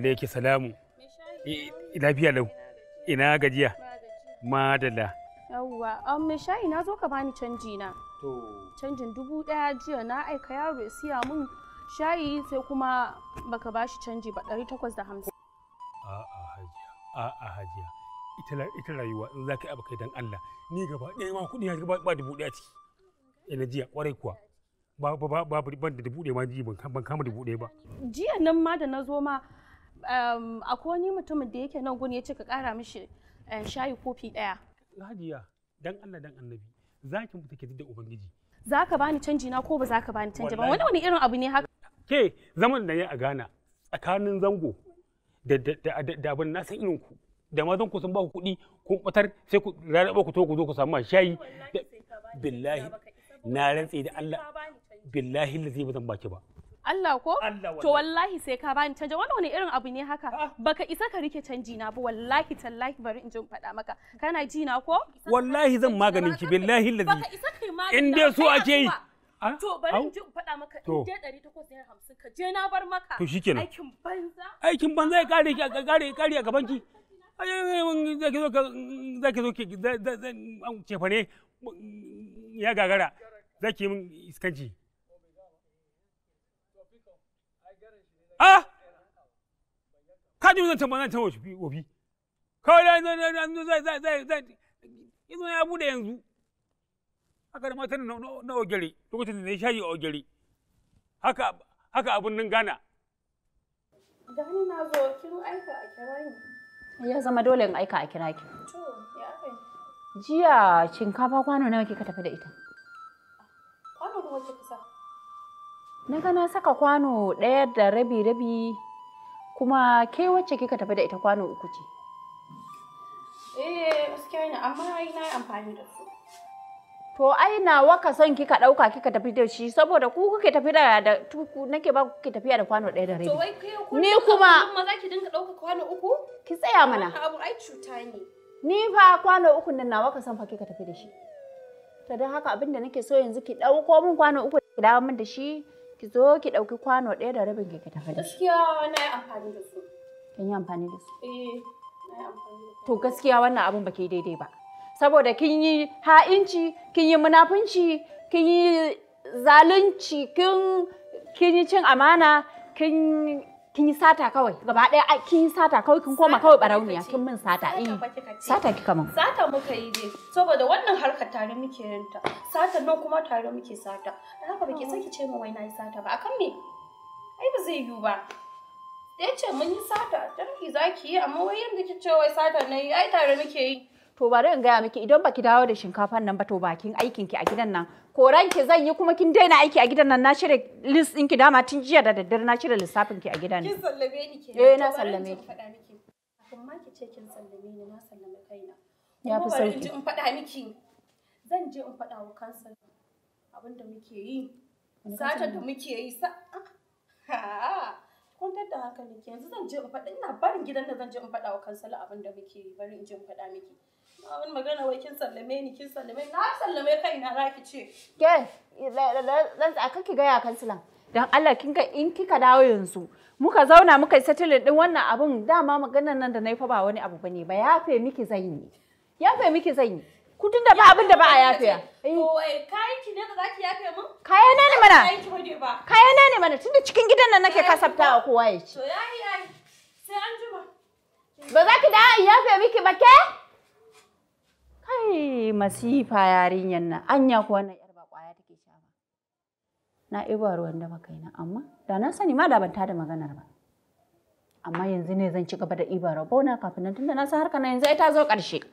yake salamu lafiya lau ina gajiya madala yawwa an um, mai shayi na zo ka bani canji na canjin dubu daya jiya na aika yaro ya siya mun shayi sai kuma baka bashi canji ba ɗari takwas da hamsin a'a hajiya a'a hajiya ita rayuwa in za ka yi abokai don dan Allah ni gaba ɗaya ma kuɗi ya ba dubu daya ciki ina eh, jiya kwarai kuwa ba ba ba ban da dubu daya ma ji ban kama dubu daya ba jiya nan ma da na zo ma akwai wani mutumin da yake nan gun ya ce ka kara mishi eh, shayi kofi daya hajiya dan Allah dan annabi za ki mutu ki da ubangiji za ka bani canji na ko ba za ka bani canji ba wani wani irin abu ne haka ke zaman da ya a Ghana tsakanin zango da abin na san irin ku da mazan ku sun ba ku kuɗi kun kwatar sai ku rarraba ku to ku zo ku samu shayi billahi na rantse da Allah billahi lazi ba zan baki ba Allah ko? To wallahi sai ka bani canja wannan wani irin abu ne haka ah. baka isa ka rike canji na ba wallahi tallahi bari in jin faɗa maka kana ji na ko? Wallahi zan maganin ki billahi lazi. In dai so ake yi. Ah? To bari in ji faɗa maka in dai ɗari takwas naira hamsin ka je na bar maka. To shikenan. Aikin banza. Aikin banza ya kare ki kare kare a gaban ki. Zaki zo zaki zo ki cefane ya gagara zaki min iskanci. a ah! ka ji zan tambaya ta wofi wofi kawai da yanzu zai zai zai zai yanzu ya bude yanzu haka da matan na ogere lokacin da ya shayi a ogere haka haka abun nan gana gani na zo kin aika a kira ya zama dole in aika a kira ki to ya kai jiya shinkafa kwano nawa kika tafi da ita Na ga na saka kwano ɗaya da rabi-rabi kuma ke wacce kika tafi da ita kwano uku ce. Eh, gaskiya ne, amma ai na yi amfani da su. To ai nawa ka son kika ɗauka kika tafi da shi saboda ku kuke tafi da da tuku nake ba kuke tafiya da kwano ɗaya da rabi. To wai ni kuma ma za ki dinga ɗauka kwano uku? Ki tsaya mana. Abu ai cuta ne. Ni fa kwano uku nan nawa ka son fa kika tafi da shi. To don haka abinda nake so yanzu ki ɗauko min kwano uku ki dawo min da shi ki zo ki ɗauki kwano ɗaya da rabin ki tafi da Gaskiya na yi amfani da su. Kin yi amfani da su? Eh, To gaskiya wannan abin baki daidai ba. Saboda kin yi ha'inci, kin yi munafunci, kin yi zalunci, kin kin yi cin amana, kin kin yi sata kawai gaba daya ai kin yi sata kawai kin koma kawai barauniya kin min sata eh sata kika min sata muka yi dai saboda wannan harkar tare muke yin sata nan kuma tare muke sata dan haka baki saki ce mu wai na yi sata ba akan me ai ba zai yiwu ba dai ce mun yi sata tarki zaki yi amma wai yanda kike wai sata nayi ai tare muke yi to bari in gaya miki idan baki dawo da shinkafan nan ba to bakin aikin ki a gidan nan koran ki zan yi kuma kin daina aiki a gidan nan na shirya list ɗinki ki dama tun jiya da daddare na shirya lissafin ki a gidan nan. kin sallame ni ke eh na sallame ki faɗa miki kafin ma ki ce kin sallame ni na sallame kaina ya fi sauki in faɗa miki zan je in faɗa wa kansa abin da muke yi sata da muke yi sa kwantar da hankalinki yanzu zan je in faɗa ina barin gidan da zan je in faɗa wa kansala abin da muke yi bari in je in faɗa miki wani magana wai kin sallame ni kin sallame na sallame kai na za ki ce ke dan tsaka ki ya kansilan dan Allah kin ga in kika dawo yanzu muka zauna muka yi settle din wannan abin dama maganar nan da nayi fa ba wani abu bane ba yafe miki zanyi yafe miki zanyi tun da ba abin da ba a yafe. To eh, kai ki ne da zaki yafe mun? kai na ne mana. Kaya na ne mana tunda cikin gidan nan nake kasaftawa kowa ya ci. To yayi Ba za ki dawo in yafe miki ba ke? Kai masifa yarinyan nan. Anya kuwa na yar ba kwaya take sha ba. Na iba ruwan da na amma da na sani ma da ban da maganar ba. Amma yanzu ne zan ci gaba da iba na kafin nan tunda na san harka na yanzu ai ta zo ƙarshe.